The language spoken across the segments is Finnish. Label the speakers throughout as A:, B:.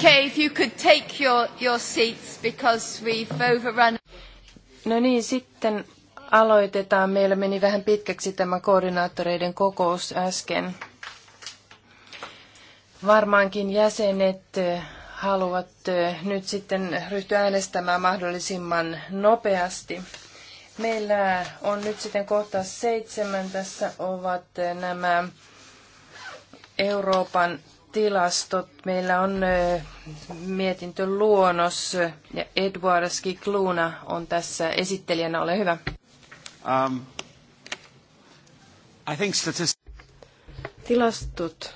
A: Okay, if you could take your, your seats because we've overrun.
B: No niin, sitten aloitetaan. Meillä meni vähän pitkäksi tämä koordinaattoreiden kokous äsken. Varmaankin jäsenet eh, haluavat eh, nyt sitten ryhtyä äänestämään mahdollisimman nopeasti. Meillä on nyt sitten kohta seitsemän. Tässä ovat eh, nämä Euroopan tilastot. Meillä on mietintöluonnos ja Edward Skikluna on tässä esittelijänä. Ole hyvä.
C: Um, I think statist- Tilastot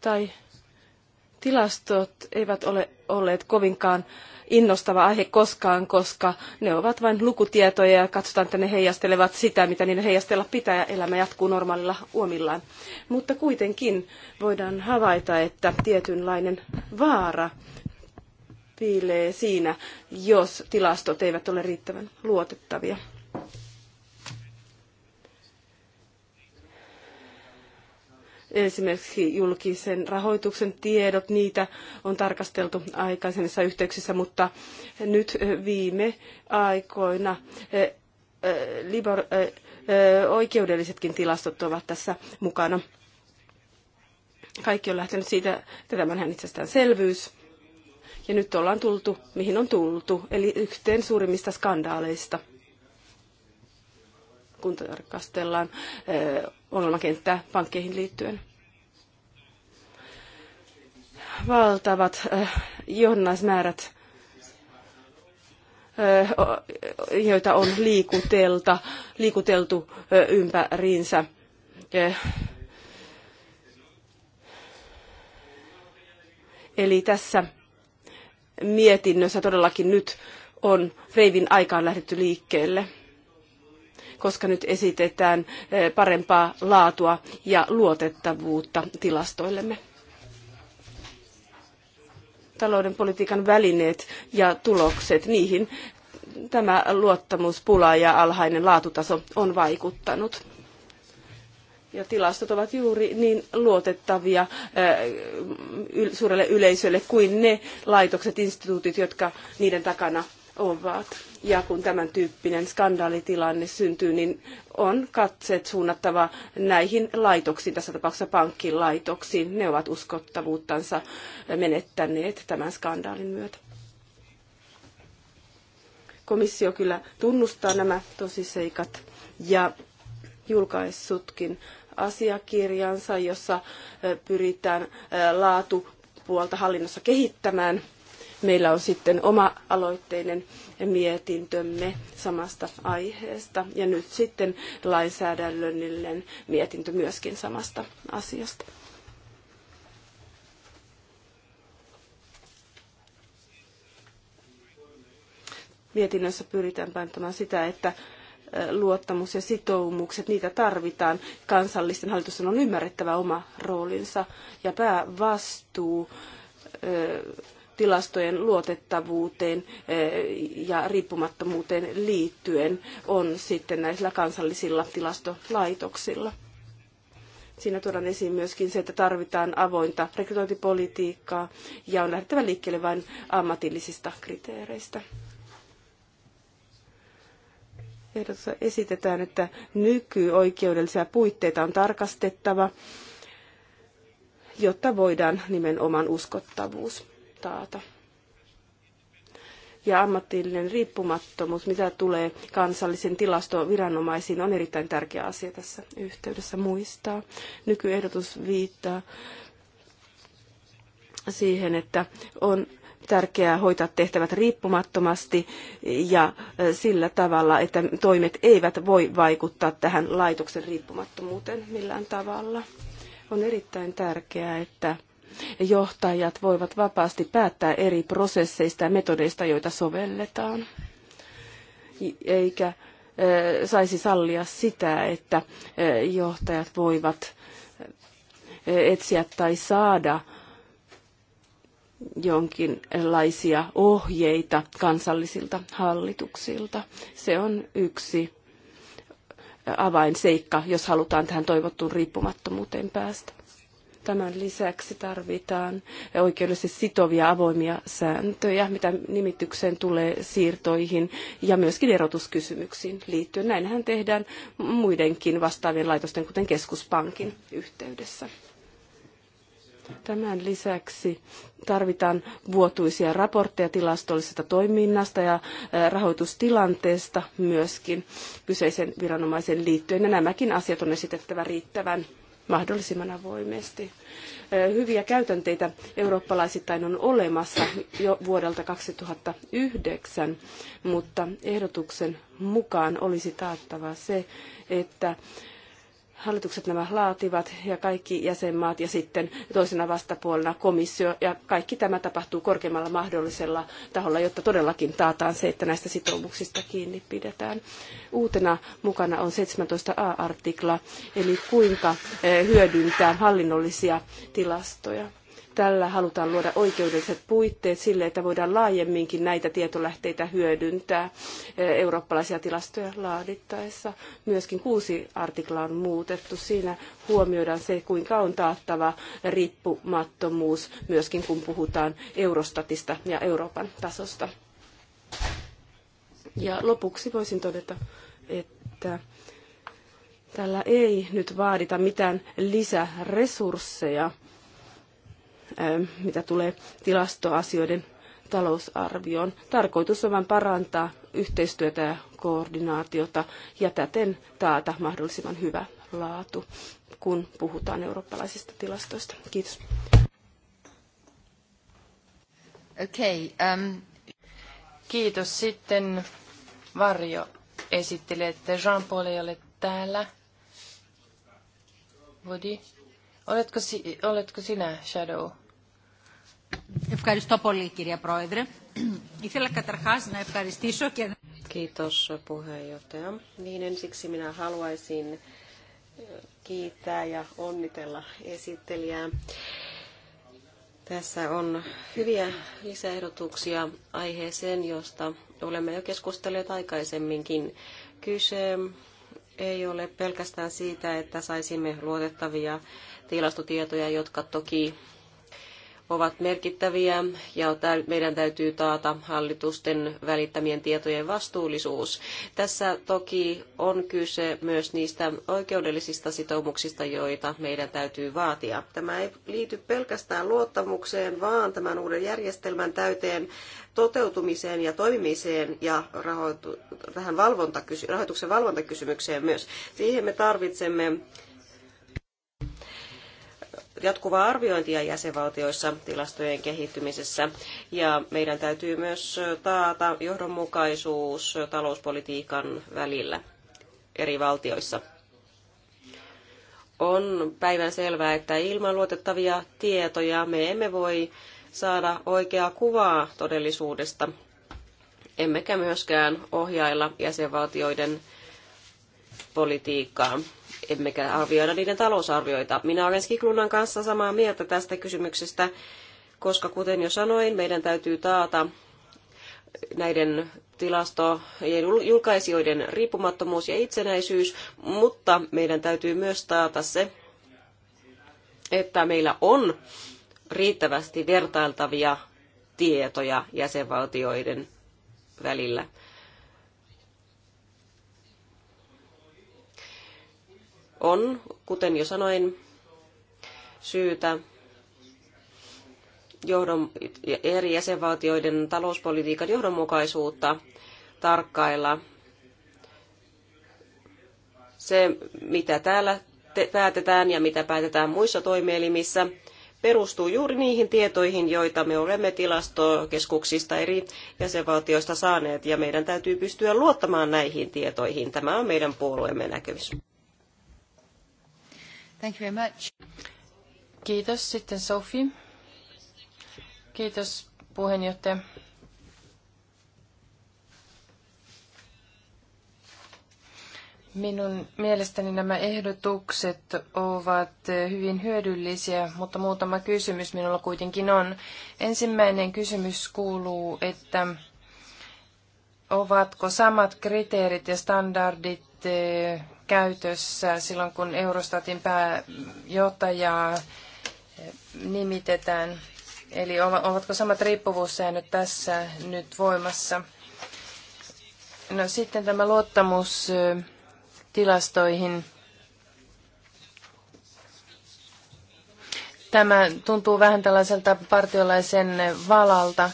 C: tai tilastot eivät ole olleet kovinkaan innostava aihe koskaan, koska ne ovat vain lukutietoja ja katsotaan, että ne heijastelevat sitä, mitä niiden heijastella pitää ja elämä jatkuu normaalilla uomillaan. Mutta kuitenkin voidaan havaita, että tietynlainen vaara piilee siinä, jos tilastot eivät ole riittävän luotettavia. Esimerkiksi julkisen rahoituksen tiedot, niitä on tarkasteltu aikaisemmissa yhteyksissä, mutta nyt eh, viime aikoina eh, eh, Libor, oikeudellisetkin tilastot ovat tässä mukana. Kaikki on lähtenyt siitä, että tämähän itsestäänselvyys. Ja nyt ollaan tultu, mihin on tultu, eli yhteen suurimmista skandaaleista – kun tarkastellaan eh, ongelmakenttää pankkeihin liittyen. Valtavat eh, johdannaismäärät eh, joita on liikutelta, liikuteltu ympäriinsä. Eli tässä mietinnössä todellakin nyt on Reivin aikaan lähdetty liikkeelle koska nyt esitetään eh, parempaa laatua ja luotettavuutta tilastoillemme talouden politiikan välineet ja tulokset, niihin tämä luottamuspula ja alhainen laatutaso on vaikuttanut. Ja tilastot ovat juuri niin luotettavia eh, suurelle yleisölle kuin ne laitokset, instituutit, jotka niiden takana ovat. Ja kun tämän tyyppinen skandaalitilanne syntyy, niin on katseet suunnattava näihin laitoksiin, tässä tapauksessa pankkilaitoksiin. Ne ovat uskottavuuttansa menettäneet tämän skandaalin myötä. Komissio kyllä tunnustaa nämä tosiseikat ja julkaissutkin asiakirjansa, jossa pyritään laatupuolta hallinnossa kehittämään – meillä on sitten oma-aloitteinen mietintömme samasta aiheesta ja nyt sitten lainsäädännöllinen mietintö myöskin samasta asiasta. Mietinnössä pyritään painottamaan sitä, että luottamus ja sitoumukset, niitä tarvitaan. Kansallisten hallitusten on ymmärrettävä oma roolinsa ja päävastuu tilastojen luotettavuuteen eh, ja riippumattomuuteen liittyen on sitten näillä kansallisilla tilastolaitoksilla. Siinä tuodaan esiin myöskin se, että tarvitaan avointa rekrytointipolitiikkaa ja on lähdettävä liikkeelle vain ammatillisista kriteereistä ehdotuksessa esitetään, että nykyoikeudellisia puitteita on tarkastettava, jotta voidaan nimenomaan uskottavuus taata. Ja ammatillinen riippumattomuus, mitä tulee kansallisen tilastoviranomaisiin, on erittäin tärkeä asia tässä yhteydessä muistaa. Nykyehdotus viittaa siihen, että on tärkeää hoitaa tehtävät riippumattomasti ja sillä tavalla, että toimet eivät voi vaikuttaa tähän laitoksen riippumattomuuteen millään tavalla. On erittäin tärkeää, että johtajat voivat vapaasti päättää eri prosesseista ja metodeista, joita sovelletaan. Eikä eh, saisi sallia sitä, että eh, johtajat voivat eh, etsiä tai saada jonkinlaisia ohjeita kansallisilta hallituksilta. Se on yksi avainseikka, jos halutaan tähän toivottuun riippumattomuuteen päästä. Tämän lisäksi tarvitaan oikeudellisesti sitovia avoimia sääntöjä, mitä nimitykseen tulee siirtoihin ja myöskin erotuskysymyksiin liittyen. Näinhän tehdään muidenkin vastaavien laitosten, kuten keskuspankin yhteydessä. Tämän lisäksi tarvitaan vuotuisia raportteja tilastollisesta toiminnasta ja rahoitustilanteesta myöskin kyseisen viranomaisen liittyen. Ja nämäkin asiat on esitettävä riittävän mahdollisimman avoimesti. Hyviä käytänteitä eurooppalaisittain on olemassa jo vuodelta 2009, mutta ehdotuksen mukaan olisi taattava se, että Hallitukset nämä laativat ja kaikki jäsenmaat ja sitten toisena vastapuolena komissio ja kaikki tämä tapahtuu korkeimmalla mahdollisella taholla, jotta todellakin taataan se, että näistä sitoumuksista kiinni pidetään. Uutena mukana on 17a-artikla, eli kuinka eh, hyödyntää hallinnollisia tilastoja Tällä halutaan luoda oikeudelliset puitteet sille, että voidaan laajemminkin näitä tietolähteitä hyödyntää eh, eurooppalaisia tilastoja laadittaessa. Myöskin kuusi artikla on muutettu. Siinä huomioidaan se, kuinka on taattava riippumattomuus myöskin, kun puhutaan Eurostatista ja Euroopan tasosta. Ja lopuksi voisin todeta, että Tällä ei nyt vaadita mitään lisäresursseja mitä tulee tilastoasioiden talousarvioon. Tarkoitus on vain parantaa yhteistyötä ja koordinaatiota ja täten taata mahdollisimman hyvä laatu, kun puhutaan eurooppalaisista tilastoista. Kiitos.
B: Okay, um... Kiitos. Sitten Varjo esittelee, että Jean-Paul ei ole täällä. Vodi, oletko, si- oletko sinä, Shadow? Ευχαριστώ πολύ, κυρία Πρόεδρε. Ήθελα καταρχάς
A: να ευχαριστήσω και... Kiitos puheenjohtaja. Niin ensiksi minä haluaisin kiittää ja onnitella esittelijää. Tässä on hyviä lisäehdotuksia aiheeseen, josta olemme jo keskustelleet aikaisemminkin. Kyse ei ole pelkästään siitä, että saisimme luotettavia tilastotietoja, jotka toki ovat merkittäviä ja meidän täytyy taata hallitusten välittämien tietojen vastuullisuus. Tässä toki on kyse myös niistä oikeudellisista sitoumuksista, joita meidän täytyy vaatia. Tämä ei liity pelkästään luottamukseen, vaan tämän uuden järjestelmän täyteen toteutumiseen ja toimimiseen ja rahoitu, tähän valvontakysy- rahoituksen valvontakysymykseen myös. Siihen me tarvitsemme jatkuvaa arviointia jäsenvaltioissa tilastojen kehittymisessä ja meidän täytyy myös taata johdonmukaisuus talouspolitiikan välillä eri valtioissa. On päivän selvää, että ilman luotettavia tietoja me emme voi saada oikeaa kuvaa todellisuudesta, emmekä myöskään ohjailla jäsenvaltioiden politiikkaa emmekä arvioida niiden talousarvioita. Minä olen Skiklunnan kanssa samaa mieltä tästä kysymyksestä, koska kuten jo sanoin, meidän täytyy taata näiden tilastojen julkaisijoiden riippumattomuus ja itsenäisyys, mutta meidän täytyy myös taata se, että meillä on riittävästi vertailtavia tietoja jäsenvaltioiden välillä. on, kuten jo sanoin, syytä johdon, eri jäsenvaltioiden talouspolitiikan johdonmukaisuutta tarkkailla. Se, mitä täällä päätetään ja mitä päätetään muissa toimielimissä, perustuu juuri niihin tietoihin, joita me olemme tilastokeskuksista eri jäsenvaltioista saaneet, ja meidän täytyy pystyä luottamaan näihin tietoihin. Tämä on meidän puolueemme näkemys.
B: Thank you very much. Kiitos. Sitten Sophie. Kiitos puheenjohtaja. Minun mielestäni nämä ehdotukset ovat hyvin hyödyllisiä, mutta muutama kysymys minulla kuitenkin on. Ensimmäinen kysymys kuuluu, että ovatko samat kriteerit ja standardit eh, käytössä silloin, kun Eurostatin pääjohtajaa eh, nimitetään? Eli ovatko samat riippuvuussäännöt tässä nyt voimassa? No sitten tämä luottamus eh, tilastoihin. Tämä tuntuu vähän tällaiselta partiolaisen valalta.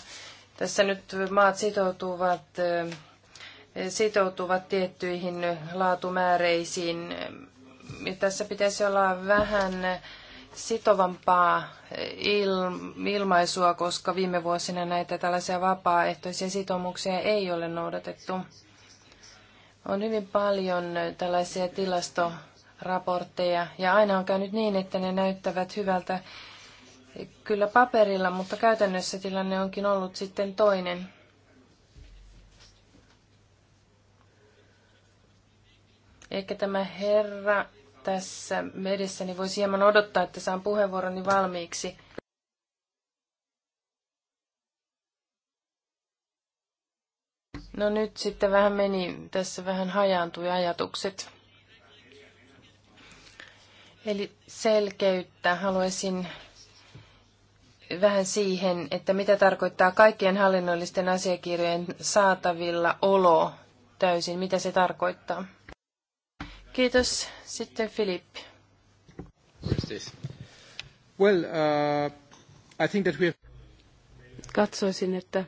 B: Tässä nyt maat sitoutuvat, eh, sitoutuvat tiettyihin laatumääreisiin. Tässä pitäisi olla vähän sitovampaa eh, ilmaisua, koska viime vuosina näitä tällaisia vapaaehtoisia sitoumuksia ei ole noudatettu. On hyvin paljon tällaisia tilastoraportteja ja aina on käynyt niin, että ne näyttävät hyvältä kyllä paperilla, mutta käytännössä tilanne onkin ollut sitten toinen. Ehkä tämä herra tässä medessäni niin voisi hieman odottaa, että saan puheenvuoroni valmiiksi. No nyt sitten vähän meni, tässä vähän hajaantui ajatukset. Eli selkeyttä haluaisin vähän siihen, että mitä tarkoittaa kaikkien hallinnollisten asiakirjojen saatavilla olo täysin, mitä se tarkoittaa. Kiitos. Sitten Filip.
A: Well, uh, I think that we have...
B: Katsoisin, että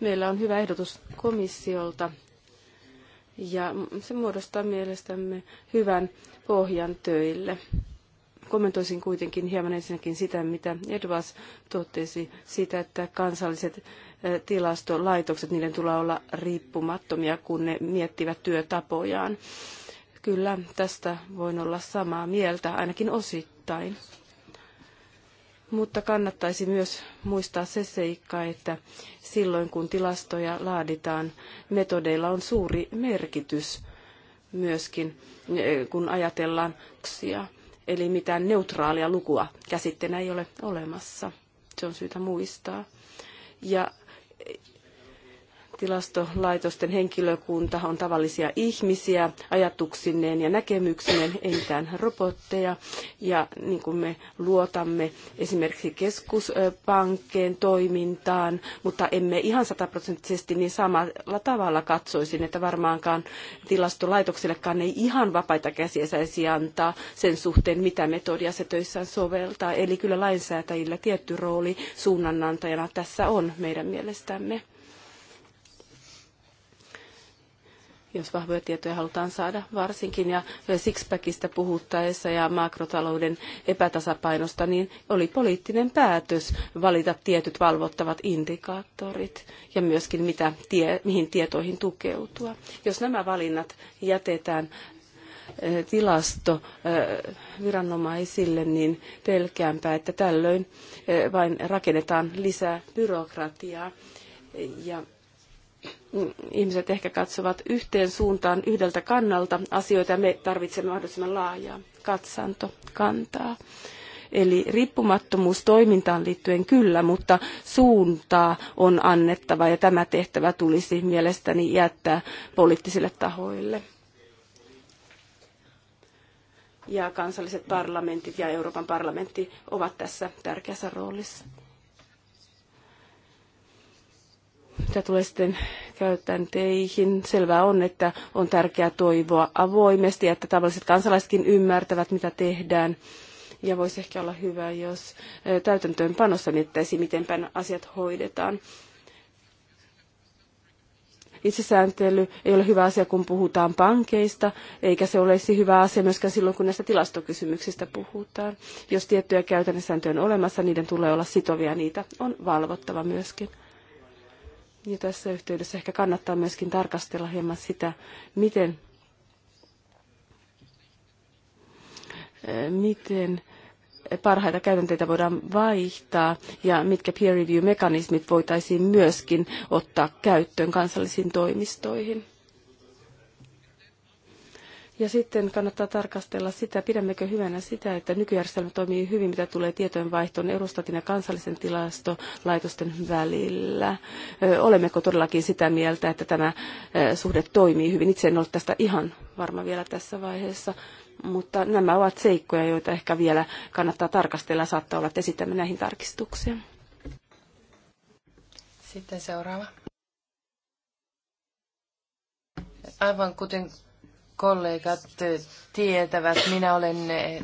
B: meillä
C: on hyvä ehdotus komissiolta ja se muodostaa mielestämme hyvän pohjan töille. Kommentoisin kuitenkin hieman ensinnäkin sitä, mitä Edvas totesi siitä, että kansalliset eh, tilastolaitokset, niiden tulee olla riippumattomia, kun ne miettivät työtapojaan. Kyllä, tästä voin olla samaa mieltä, ainakin osittain. Mutta kannattaisi myös muistaa se seikka, että silloin kun tilastoja laaditaan, metodeilla on suuri merkitys myöskin, eh, kun ajatellaan Eli mitään neutraalia lukua käsitteenä ei ole olemassa. Se on syytä muistaa. Ja Tilastolaitosten henkilökunta on tavallisia ihmisiä ajatuksineen ja näkemyksineen, ei mitään robotteja. Ja niin kuin me luotamme esimerkiksi keskuspankkeen toimintaan, mutta emme ihan sataprosenttisesti niin samalla tavalla katsoisin, että varmaankaan tilastolaitoksellekaan ei ihan vapaita käsiä saisi antaa sen suhteen, mitä metodia se töissään soveltaa. Eli kyllä lainsäätäjillä tietty rooli suunnanantajana tässä on meidän mielestämme. jos vahvoja tietoja halutaan saada varsinkin. Ja Sixpackista puhuttaessa ja makrotalouden epätasapainosta, niin oli poliittinen päätös valita tietyt valvottavat indikaattorit ja myöskin mitä tie, mihin tietoihin tukeutua. Jos nämä valinnat jätetään tilasto viranomaisille, niin pelkäänpä, että tällöin vain rakennetaan lisää byrokratiaa ja ihmiset ehkä katsovat yhteen suuntaan yhdeltä kannalta asioita ja me tarvitsemme mahdollisimman laajaa katsantokantaa. Eli riippumattomuus toimintaan liittyen kyllä, mutta suuntaa on annettava ja tämä tehtävä tulisi mielestäni jättää poliittisille tahoille. Ja kansalliset parlamentit ja Euroopan parlamentti ovat tässä tärkeässä roolissa. Mitä tulee sitten käytänteihin, selvää on, että on tärkeää toivoa avoimesti, että tavalliset kansalaisetkin ymmärtävät, mitä tehdään. Ja voisi ehkä olla hyvä, jos täytäntöönpanossa miettäisi, miten asiat hoidetaan itsesääntely ei ole hyvä asia, kun puhutaan pankeista, eikä se olisi hyvä asia myöskään silloin, kun näistä tilastokysymyksistä puhutaan. Jos tiettyjä käytännössääntöjä on olemassa, niiden tulee olla sitovia, niitä on valvottava myöskin. Ja tässä yhteydessä ehkä kannattaa myöskin tarkastella hieman sitä, miten, eh, miten parhaita käytänteitä voidaan vaihtaa ja mitkä peer review-mekanismit voitaisiin myöskin ottaa käyttöön kansallisiin toimistoihin. Ja sitten kannattaa tarkastella sitä, pidämmekö hyvänä sitä, että nykyjärjestelmä toimii hyvin, mitä tulee tietojenvaihtoon Eurostatin ja kansallisen tilastolaitosten välillä. Olemmeko todellakin sitä mieltä, että tämä suhde toimii hyvin? Itse en ole tästä ihan varma vielä tässä vaiheessa, mutta nämä ovat seikkoja, joita ehkä vielä kannattaa tarkastella. Saattaa olla, että esitämme näihin tarkistuksia.
B: Sitten seuraava. Aivan kuten kollegat tietävät, minä olen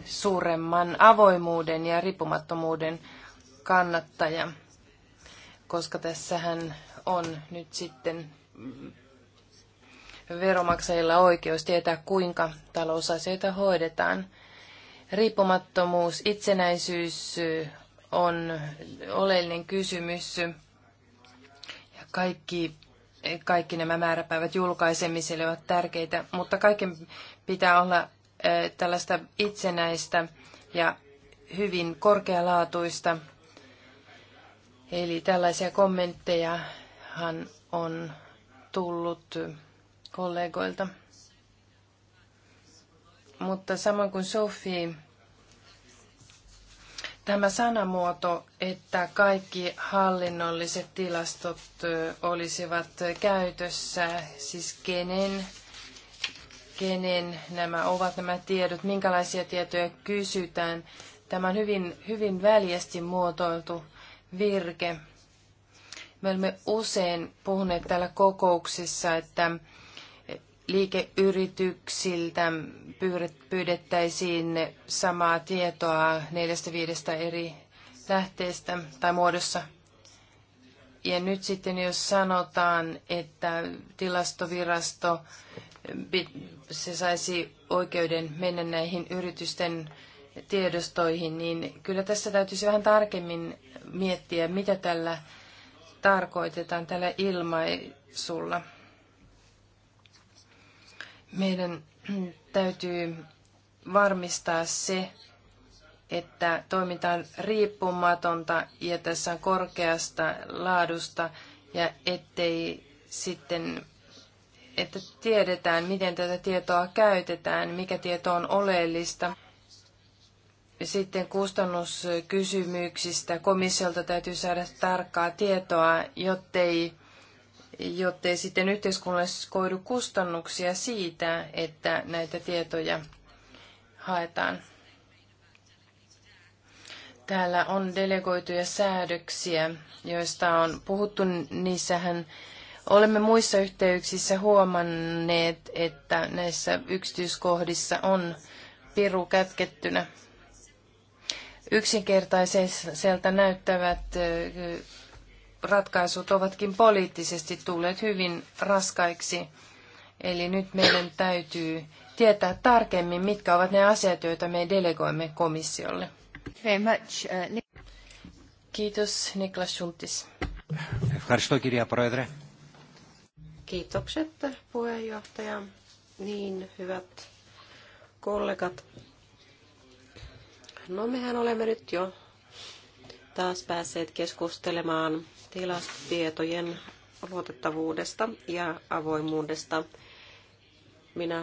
B: suuremman avoimuuden ja riippumattomuuden kannattaja, koska tässähän on nyt sitten veromaksajilla oikeus tietää, kuinka talousasioita hoidetaan. Riippumattomuus, itsenäisyys on oleellinen kysymys ja kaikki kaikki nämä määräpäivät julkaisemiselle ovat tärkeitä, mutta kaiken pitää olla tällaista itsenäistä ja hyvin korkealaatuista. Eli tällaisia kommenttejahan on tullut kollegoilta. Mutta samoin kuin Sophie Tämä sanamuoto, että kaikki hallinnolliset tilastot olisivat käytössä, siis kenen, kenen nämä ovat nämä tiedot, minkälaisia tietoja kysytään. Tämä on hyvin, hyvin väljästi muotoiltu virke. Me olemme usein puhuneet täällä kokouksissa, että liikeyrityksiltä pyydettäisiin samaa tietoa neljästä viidestä eri lähteestä tai muodossa. Ja nyt sitten jos sanotaan, että tilastovirasto se saisi oikeuden mennä näihin yritysten tiedostoihin, niin kyllä tässä täytyisi vähän tarkemmin miettiä, mitä tällä tarkoitetaan tällä ilmaisulla. Meidän täytyy varmistaa se, että toiminta on riippumatonta ja tässä on korkeasta laadusta ja ettei sitten, että tiedetään, miten tätä tietoa käytetään, mikä tieto on oleellista. Sitten kustannuskysymyksistä komissiolta täytyy saada tarkkaa tietoa, jottei jottei sitten yhteiskunnalle koidu kustannuksia siitä, että näitä tietoja haetaan. Täällä on delegoituja säädöksiä, joista on puhuttu. Niissähän olemme muissa yhteyksissä huomanneet, että näissä yksityiskohdissa on piru kätkettynä. Yksinkertaiselta näyttävät ratkaisut ovatkin poliittisesti tulleet hyvin raskaiksi. Eli nyt meidän täytyy tietää tarkemmin, mitkä ovat ne asiat, joita me delegoimme komissiolle. Uh, Kiitos, Niklas Schultis. Kiitokset, puheenjohtaja. Niin, hyvät
A: kollegat. No, mehän olemme nyt jo taas päässeet keskustelemaan tilastietojen luotettavuudesta ja avoimuudesta. Minä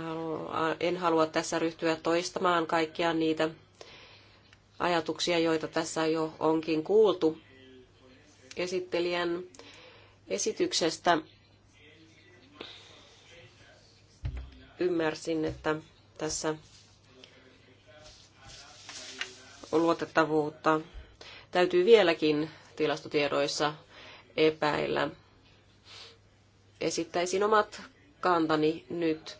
A: en halua tässä ryhtyä toistamaan kaikkia niitä ajatuksia, joita tässä jo onkin kuultu esittelijän esityksestä. Ymmärsin, että tässä luotettavuutta täytyy vieläkin tilastotiedoissa epäillä. Esittäisin omat kantani nyt.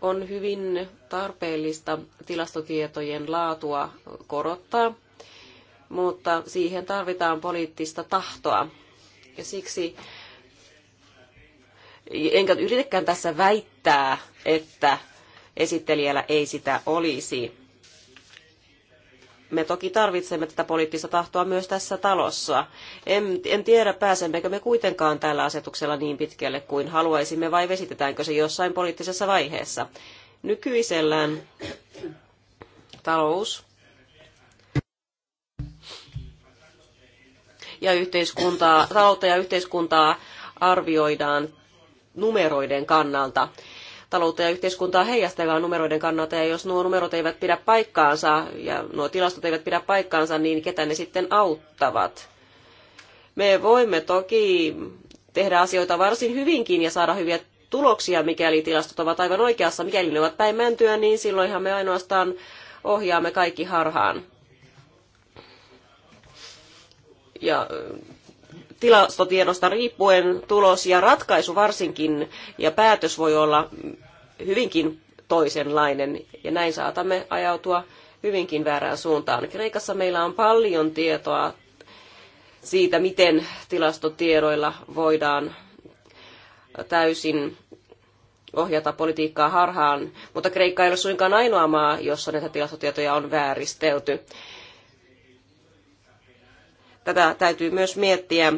A: On hyvin tarpeellista tilastotietojen laatua korottaa, mutta siihen tarvitaan poliittista tahtoa. Ja siksi enkä yritäkään tässä väittää, että esittelijällä ei sitä olisi me toki tarvitsemme tätä poliittista tahtoa myös tässä talossa. En, en tiedä, pääsemmekö me kuitenkaan tällä asetuksella niin pitkälle kuin haluaisimme vai vesitetäänkö se jossain poliittisessa vaiheessa. Nykyisellään talous ja yhteiskuntaa, taloutta ja yhteiskuntaa arvioidaan numeroiden kannalta taloutta ja yhteiskuntaa heijastellaan numeroiden kannalta, ja jos nuo numerot eivät pidä paikkaansa ja nuo tilastot eivät pidä paikkaansa, niin ketä ne sitten auttavat? Me voimme toki tehdä asioita varsin hyvinkin ja saada hyviä tuloksia, mikäli tilastot ovat aivan oikeassa. Mikäli ne ovat päin mäntyä, niin silloinhan me ainoastaan ohjaamme kaikki harhaan. Ja tilastotiedosta riippuen tulos ja ratkaisu varsinkin ja päätös voi olla hyvinkin toisenlainen ja näin saatamme ajautua hyvinkin väärään suuntaan. Kreikassa meillä on paljon tietoa siitä, miten tilastotiedoilla voidaan täysin ohjata politiikkaa harhaan, mutta Kreikka ei ole suinkaan ainoa maa, jossa näitä tilastotietoja on vääristelty. Tätä täytyy myös miettiä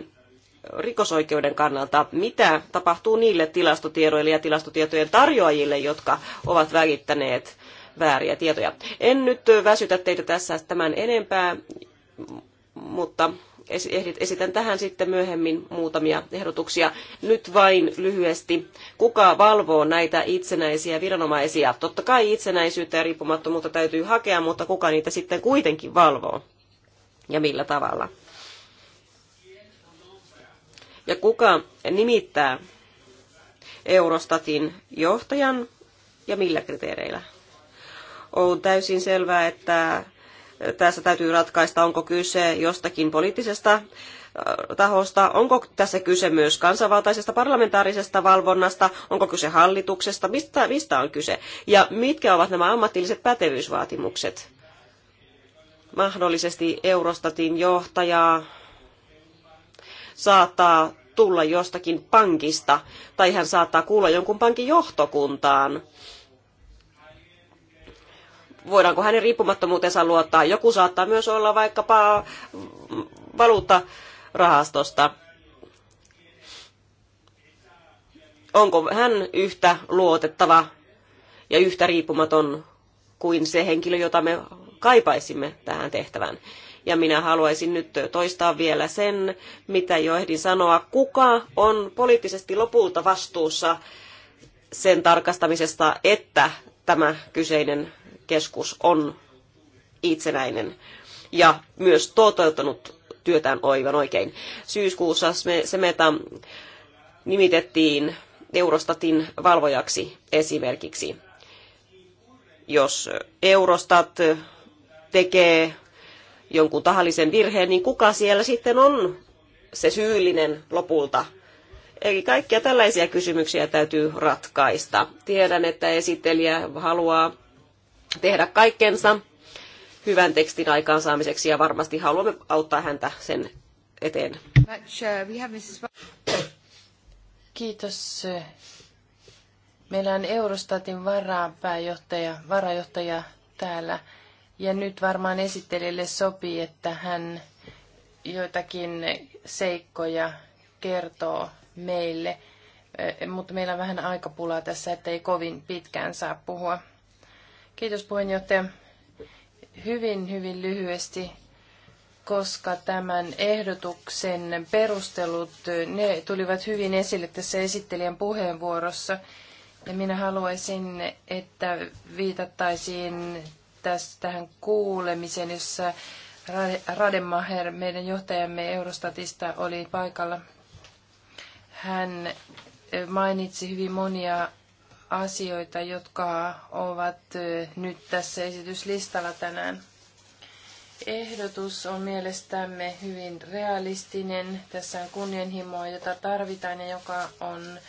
A: rikosoikeuden kannalta, mitä tapahtuu niille tilastotiedoille ja tilastotietojen tarjoajille, jotka ovat välittäneet vääriä tietoja. En nyt väsytä teitä tässä tämän enempää, mutta esitän tähän sitten myöhemmin muutamia ehdotuksia. Nyt vain lyhyesti, kuka valvoo näitä itsenäisiä viranomaisia? Totta kai itsenäisyyttä ja riippumattomuutta täytyy hakea, mutta kuka niitä sitten kuitenkin valvoo ja millä tavalla? Ja kuka nimittää Eurostatin johtajan ja millä kriteereillä? On täysin selvää, että tässä täytyy ratkaista, onko kyse jostakin poliittisesta äh, tahosta, onko tässä kyse myös kansanvaltaisesta parlamentaarisesta valvonnasta, onko kyse hallituksesta, mistä, mistä on kyse ja mitkä ovat nämä ammatilliset pätevyysvaatimukset. Mahdollisesti Eurostatin johtajaa saattaa tulla jostakin pankista tai hän saattaa kuulla jonkun pankin johtokuntaan. Voidaanko hänen riippumattomuutensa luottaa? Joku saattaa myös olla vaikkapa valuuttarahastosta. Onko hän yhtä luotettava ja yhtä riippumaton kuin se henkilö, jota me kaipaisimme tähän tehtävään? Ja minä haluaisin nyt toistaa vielä sen, mitä jo ehdin sanoa. Kuka on poliittisesti lopulta vastuussa sen tarkastamisesta, että tämä kyseinen keskus on itsenäinen ja myös toteuttanut työtään oivan oikein. Syyskuussa Semeta nimitettiin Eurostatin valvojaksi esimerkiksi. Jos Eurostat tekee jonkun tahallisen virheen, niin kuka siellä sitten on se syyllinen lopulta? Eli kaikkia tällaisia kysymyksiä täytyy ratkaista. Tiedän, että esittelijä haluaa tehdä kaikkensa hyvän tekstin aikaansaamiseksi ja varmasti haluamme auttaa häntä sen eteen.
B: Kiitos. Meillä on Eurostatin varapääjohtaja, varajohtaja täällä. Ja nyt varmaan esittelijälle sopii, että hän joitakin seikkoja kertoo meille, mutta meillä on vähän aikapulaa tässä, että ei kovin pitkään saa puhua. Kiitos puheenjohtaja. Hyvin, hyvin lyhyesti, koska tämän ehdotuksen perustelut, ne tulivat hyvin esille tässä esittelijän puheenvuorossa. Ja minä haluaisin, että viitattaisiin tässä tähän kuulemiseen, jossa Rademacher, meidän johtajamme Eurostatista, oli paikalla. Hän mainitsi hyvin monia asioita, jotka ovat nyt tässä esityslistalla tänään. Ehdotus on mielestämme hyvin realistinen. Tässä on kunnianhimoa, jota tarvitaan ja joka on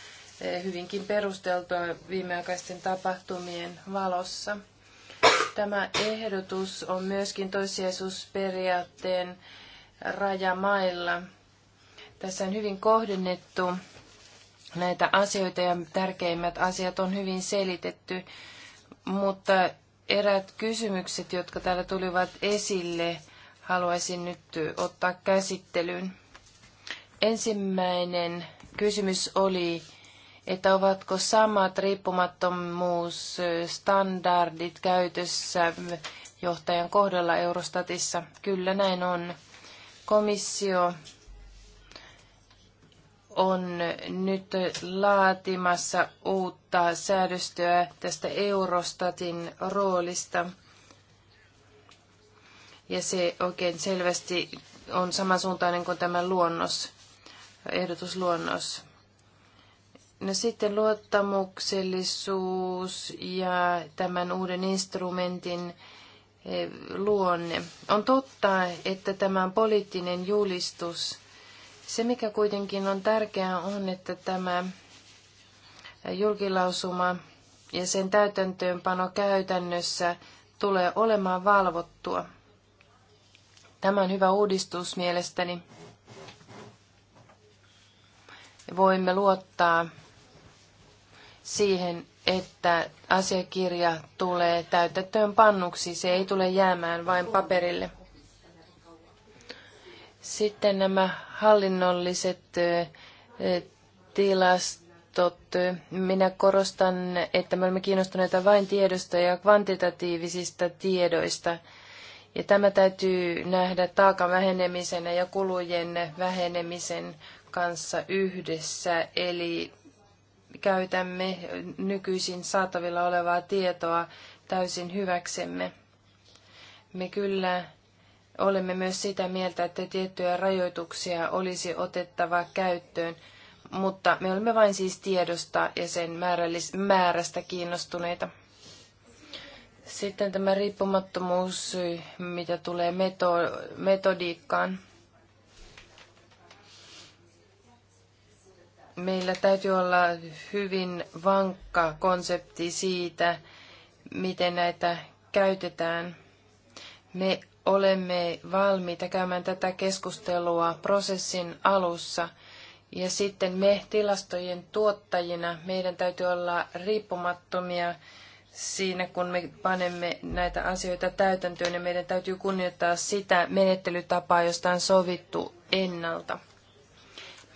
B: hyvinkin perusteltua viimeaikaisten tapahtumien valossa. Tämä ehdotus on myöskin toissijaisuusperiaatteen rajamailla. Tässä on hyvin kohdennettu näitä asioita ja tärkeimmät asiat on hyvin selitetty, mutta eräät kysymykset, jotka täällä tulivat esille, haluaisin nyt ottaa käsittelyyn. Ensimmäinen kysymys oli että ovatko samat riippumattomuusstandardit käytössä johtajan kohdalla Eurostatissa. Kyllä näin on. Komissio on nyt laatimassa uutta säädöstöä tästä Eurostatin roolista. Ja se oikein selvästi on samansuuntainen kuin tämä luonnos, ehdotusluonnos. No sitten luottamuksellisuus ja tämän uuden instrumentin eh, luonne. On totta, että tämä on poliittinen julistus. Se, mikä kuitenkin on tärkeää, on, että tämä julkilausuma ja sen täytäntöönpano käytännössä tulee olemaan valvottua. Tämä on hyvä uudistus mielestäni. Voimme luottaa siihen, että asiakirja tulee täytettöön pannuksi. Se ei tule jäämään vain paperille. Sitten nämä hallinnolliset tilastot. Minä korostan, että me olemme kiinnostuneita vain tiedosta ja kvantitatiivisista tiedoista. Ja tämä täytyy nähdä taakan vähenemisenä ja kulujen vähenemisen kanssa yhdessä. Eli käytämme nykyisin saatavilla olevaa tietoa täysin hyväksemme. Me kyllä olemme myös sitä mieltä, että tiettyjä rajoituksia olisi otettava käyttöön, mutta me olemme vain siis tiedosta ja sen määrästä kiinnostuneita. Sitten tämä riippumattomuus, mitä tulee metodiikkaan. meillä täytyy olla hyvin vankka konsepti siitä, miten näitä käytetään. Me olemme valmiita käymään tätä keskustelua prosessin alussa. Ja sitten me tilastojen tuottajina, meidän täytyy olla riippumattomia siinä, kun me panemme näitä asioita täytäntöön, ja meidän täytyy kunnioittaa sitä menettelytapaa, josta on sovittu ennalta.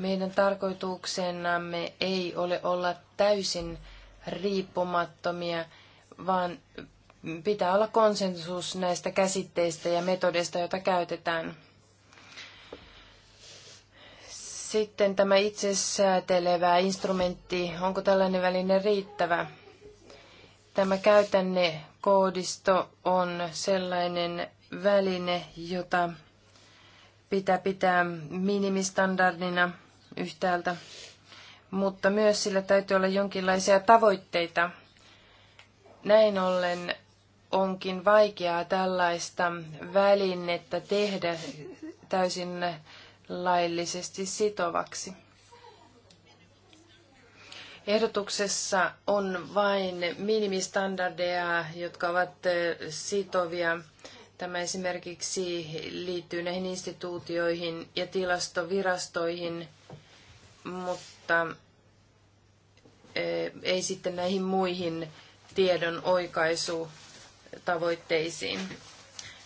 B: Meidän tarkoituksenamme ei ole olla täysin riippumattomia, vaan pitää olla konsensus näistä käsitteistä ja metodeista, joita käytetään. Sitten tämä itsesäätelevä instrumentti, onko tällainen väline riittävä? Tämä käytänne koodisto on sellainen väline, jota pitää pitää minimistandardina – yhtäältä, mutta myös sillä täytyy olla jonkinlaisia tavoitteita. Näin ollen onkin vaikeaa tällaista välinettä tehdä täysin laillisesti sitovaksi. Ehdotuksessa on vain minimistandardeja, jotka ovat sitovia Tämä esimerkiksi liittyy näihin instituutioihin ja tilastovirastoihin, mutta e, ei sitten näihin muihin tiedon oikaisutavoitteisiin.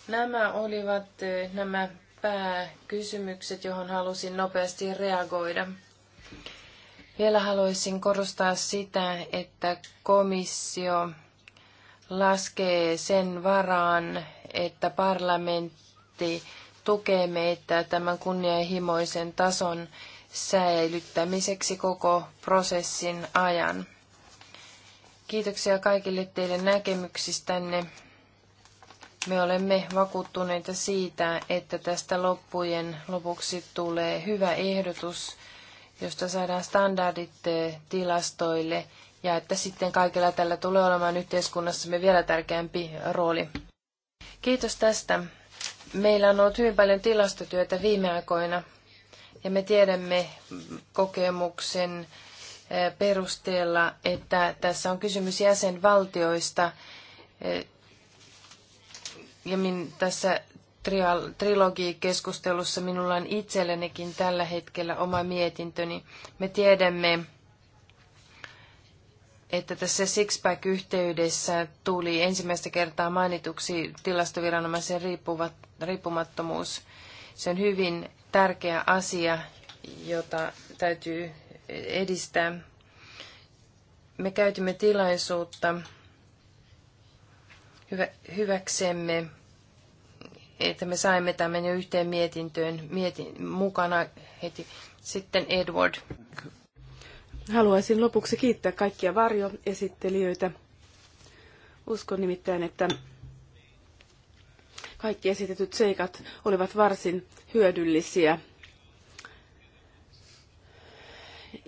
B: Nämä olivat e, nämä pääkysymykset, johon halusin nopeasti reagoida. Vielä haluaisin korostaa sitä, että komissio laskee sen varaan, että parlamentti tukee meitä tämän kunnianhimoisen tason säilyttämiseksi koko prosessin ajan. Kiitoksia kaikille teille näkemyksistänne. Me olemme vakuuttuneita siitä, että tästä loppujen lopuksi tulee hyvä ehdotus, josta saadaan standardit eh, tilastoille ja että sitten kaikilla tällä tulee olemaan yhteiskunnassamme vielä tärkeämpi rooli. Kiitos tästä. Meillä on ollut hyvin paljon tilastotyötä viime aikoina ja me tiedämme kokemuksen eh, perusteella, että tässä on kysymys jäsenvaltioista. Eh, ja min, tässä trilogikeskustelussa minulla on itsellenikin tällä hetkellä oma mietintöni. Me tiedämme, että tässä Sixpack-yhteydessä tuli ensimmäistä kertaa mainituksi tilastoviranomaisen riippuvat, riippumattomuus. Se on hyvin tärkeä asia, jota täytyy edistää. Me käytimme tilaisuutta hyvä, hyväksemme, että me saimme tämän jo yhteen mietintöön mietin, mukana heti. Sitten Edward.
C: Haluaisin lopuksi kiittää kaikkia varjoesittelijöitä. Uskon nimittäin, että kaikki esitetyt seikat olivat varsin hyödyllisiä.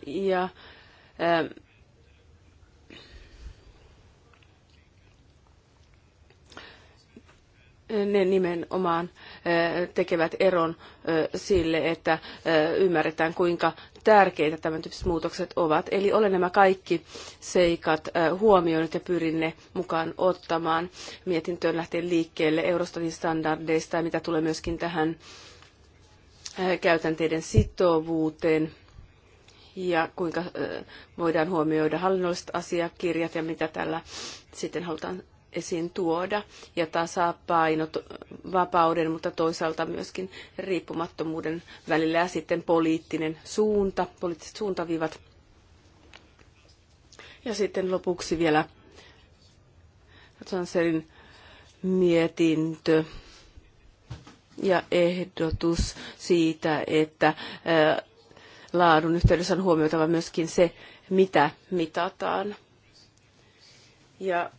C: Ja ää, ne nimenomaan tekevät eron sille, että ymmärretään kuinka tärkeitä tämän tyyppiset muutokset ovat. Eli olen nämä kaikki seikat huomioinut ja pyrin ne mukaan ottamaan mietintöön lähtien liikkeelle Eurostatin standardeista ja mitä tulee myöskin tähän käytänteiden sitovuuteen ja kuinka voidaan huomioida hallinnolliset asiakirjat ja mitä tällä sitten halutaan esiin tuoda ja tasapainot vapauden, mutta toisaalta myöskin riippumattomuuden välillä ja sitten poliittinen suunta, poliittiset suuntavivat. Ja sitten lopuksi vielä Sanselin mietintö ja ehdotus siitä, että laadun yhteydessä on huomioitava myöskin se, mitä mitataan. Ja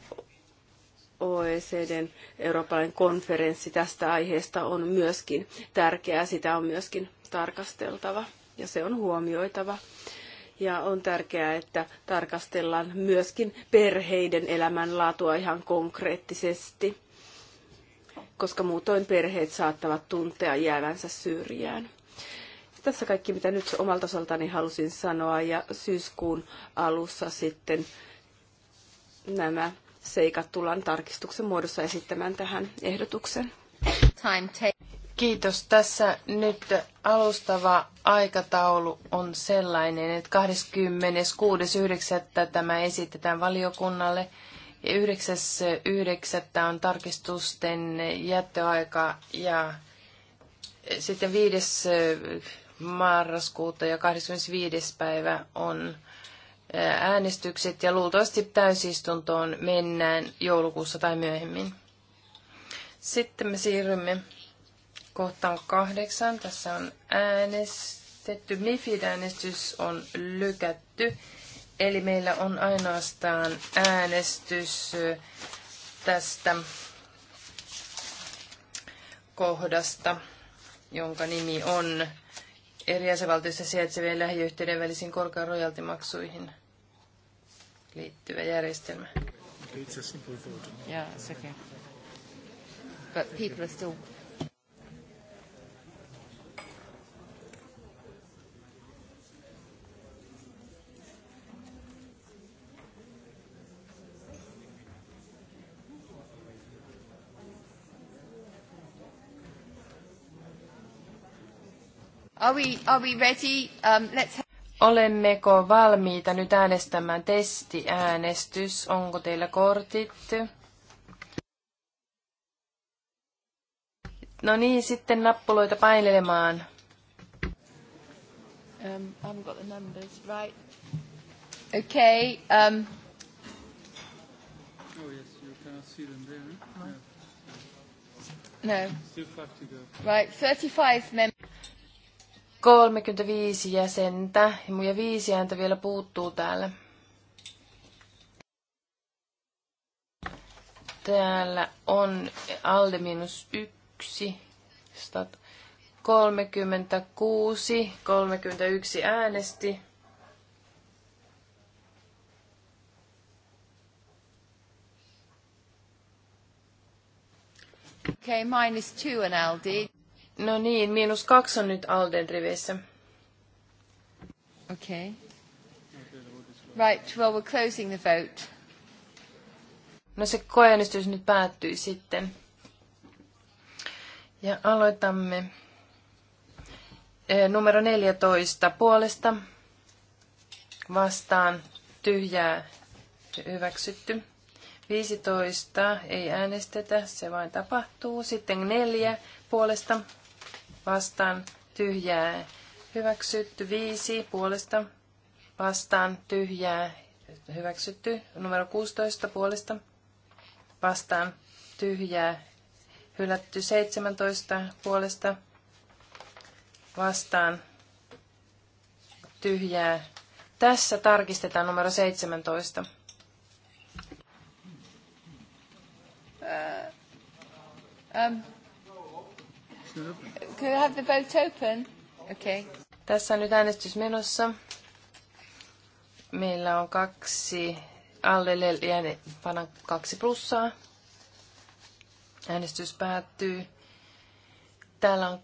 C: OECDn eurooppalainen konferenssi tästä aiheesta on myöskin tärkeää. Sitä on myöskin tarkasteltava ja se on huomioitava. Ja on tärkeää, että tarkastellaan myöskin perheiden elämänlaatua ihan konkreettisesti, koska muutoin perheet saattavat tuntea jäävänsä syrjään tässä kaikki, mitä nyt omalta osaltani halusin sanoa ja syyskuun alussa sitten nämä seikat tullaan tarkistuksen muodossa
B: esittämään tähän ehdotukseen. Kiitos. Tässä nyt alustava aikataulu on sellainen, että 26.9. tämä esitetään valiokunnalle ja 9.9. on tarkistusten jättöaika ja sitten 5. marraskuuta ja 25. päivä on äänestykset ja luultavasti täysistuntoon mennään joulukuussa tai myöhemmin. Sitten me siirrymme kohtaan kahdeksan. Tässä on äänestetty. MIFID-äänestys on lykätty. Eli meillä on ainoastaan äänestys tästä kohdasta, jonka nimi on eri jäsenvaltioissa sijaitsevien lähiyhtiöiden välisiin korkean rojaltimaksuihin liittyvä järjestelmä. Yeah, it's okay. But people are still Are we, are we ready? Um, let's... Olemmeko valmiita nyt äänestämään testiäänestys? Onko teillä kortit? No niin, sitten nappuloita painelemaan. Um, I haven't got the numbers right. Okay. Um. Oh yes, you cannot see them there. Huh? Yeah. No. Still five to go. Right, 35 mem- 35 jäsentä ja viisi ääntä vielä puuttuu täällä. Täällä on Alde minus yksi, 36, 31 äänesti. Okay, minus two and Aldi. No niin, miinus kaksi on nyt Alden rivissä. Okay. Right, well we're closing the vote. No se koeäänestys nyt päättyy sitten. Ja aloitamme eh, numero 14 puolesta vastaan tyhjää hyväksytty. 15 ei äänestetä, se vain tapahtuu. Sitten neljä puolesta vastaan tyhjää hyväksytty. Viisi puolesta vastaan tyhjää hyväksytty. Numero 16 puolesta vastaan tyhjää hylätty. 17 puolesta vastaan tyhjää. Tässä tarkistetaan numero 17. Uh, um. Can we have the vote open? Okay. Tässä on nyt äänestys menossa. Meillä on kaksi alle jääne, panan kaksi plussaa. Äänestys päättyy. Täällä on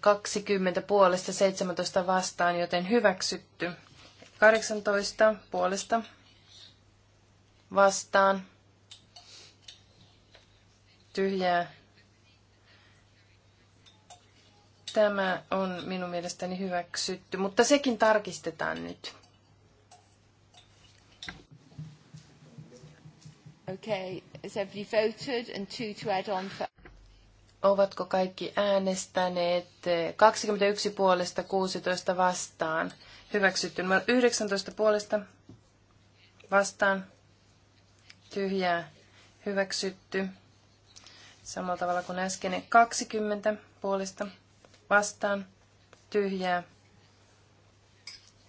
B: 20 puolesta 17 vastaan, joten hyväksytty. 18 puolesta vastaan. Tyhjää Tämä on minun mielestäni hyväksytty, mutta sekin tarkistetaan nyt. Okay, has everybody voted and two to add on for... Ovatko kaikki äänestäneet 21 puolesta 16 vastaan? Hyväksytty. 19 puolesta vastaan. Tyhjää. Hyväksytty. Samalla tavalla kuin äsken. 20 puolesta vastaan tyhjää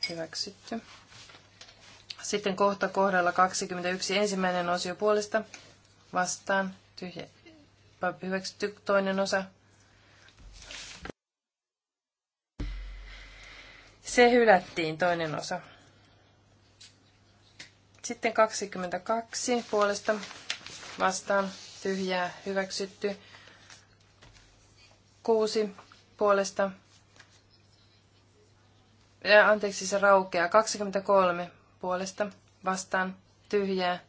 B: hyväksytty. Sitten kohta kohdalla 21 ensimmäinen osio puolesta vastaan tyhjä, hyväksytty toinen osa. Se hylättiin toinen osa. Sitten 22 puolesta vastaan tyhjää hyväksytty. 6 puolesta. Ja, anteeksi, se raukeaa. 23 puolesta vastaan tyhjää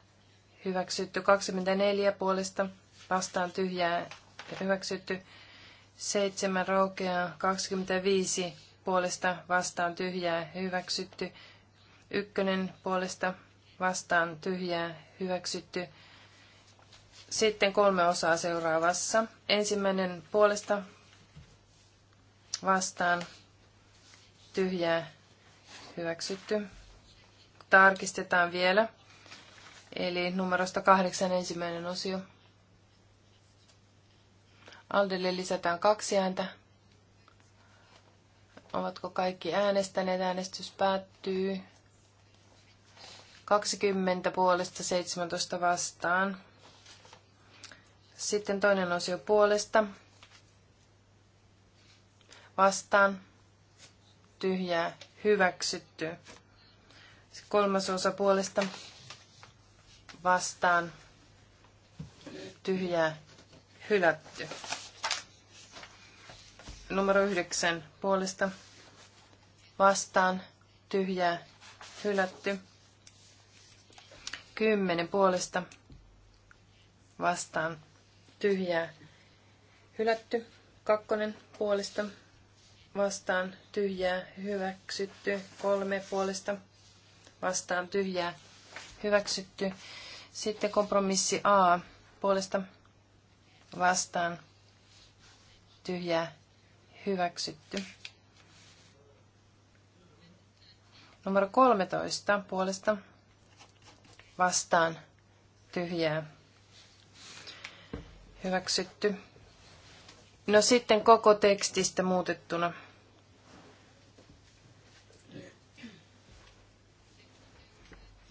B: hyväksytty. 24 puolesta vastaan tyhjää hyväksytty. 7 raukeaa. 25 puolesta vastaan tyhjää hyväksytty. Ykkönen puolesta vastaan tyhjää hyväksytty. Sitten kolme osaa seuraavassa. Ensimmäinen puolesta vastaan tyhjää hyväksytty. Tarkistetaan vielä. Eli numerosta kahdeksan ensimmäinen osio. Aldelle lisätään kaksi ääntä. Ovatko kaikki äänestäneet? Äänestys päättyy. 20 puolesta 17 vastaan. Sitten toinen osio puolesta vastaan tyhjää hyväksytty. Kolmasosa puolesta vastaan tyhjää hylätty. Numero yhdeksän puolesta vastaan tyhjää hylätty. Kymmenen puolesta vastaan tyhjää hylätty. Kakkonen puolesta vastaan tyhjää hyväksytty. Kolme puolesta vastaan tyhjää hyväksytty. Sitten kompromissi A puolesta vastaan tyhjää hyväksytty. Numero 13 puolesta vastaan tyhjää hyväksytty. No sitten koko tekstistä muutettuna.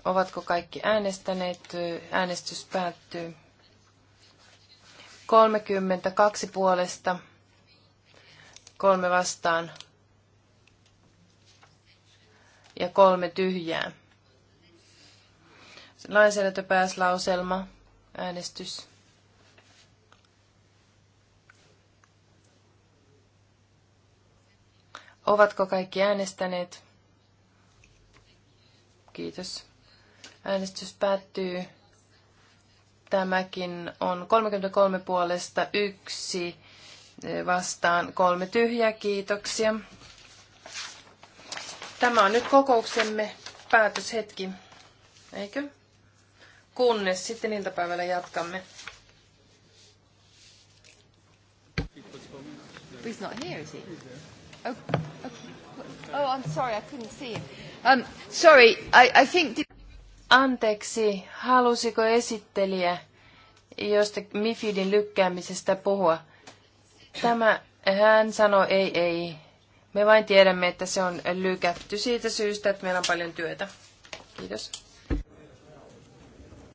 B: Ovatko kaikki äänestäneet? Äänestys päättyy. 32 puolesta, kolme vastaan ja kolme tyhjää. Lainsäädäntöpääslauselma, äänestys. Ovatko kaikki äänestäneet? Kiitos. Äänestys päättyy. Tämäkin on 33 puolesta yksi eh, vastaan kolme tyhjää. Kiitoksia. Tämä on nyt kokouksemme päätöshetki, eikö? Kunnes sitten iltapäivällä jatkamme. He's not here, is he? Oh, okay. oh I'm sorry, I couldn't see him. Um, sorry, I, I think... Anteeksi, halusiko esittelijä josta Mifidin lykkäämisestä puhua? Tämä, hän sanoi ei, ei. Me vain tiedämme, että se on lykätty siitä syystä, että meillä on paljon työtä. Kiitos.